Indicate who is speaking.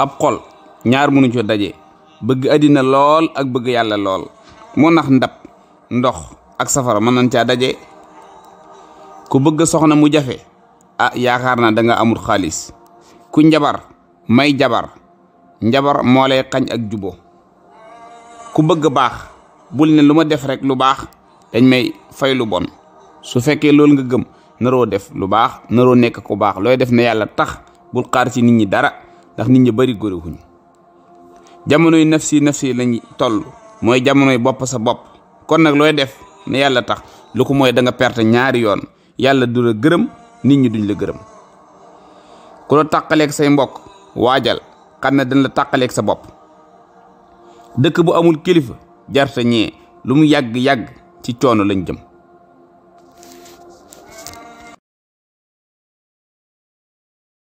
Speaker 1: ab xol ñaar mu mënu coo daje bëgg àddina lool ak bëgg yàlla lool moo nax ndab ndox ak safara mën nañ caa daje ku bëgg soxna mu jafe a ah, yaakaar naa da nga amul xaalis ku njabar may jabar njabar moo lay xañ ak jubo ku bëgg baax bul ne lu ma def rek lu baax dañ may fay lu bon su fekkee loolu nga gëm naroo def lu baax naroo nekk ku baax looy def ne yàlla tax bul xaar ci nit ñi dara ndax nit ñi bari góorewuñu jamonoy nafsi nafsi lañ toll mooy jamonoy bopp sa bopp kon nag looy def ne yàlla tax lu ko mooy danga nga perte ñaari yoon yàlla du la gërëm nit ñi duñ la gërëm ku la tàqaleeg say mbokk waajal xam ne dañ la tàqaleeg sa bopp dëkk bu amul kilifa jarte ñee lu mu yàgg-yàgg ci coono lañ jëm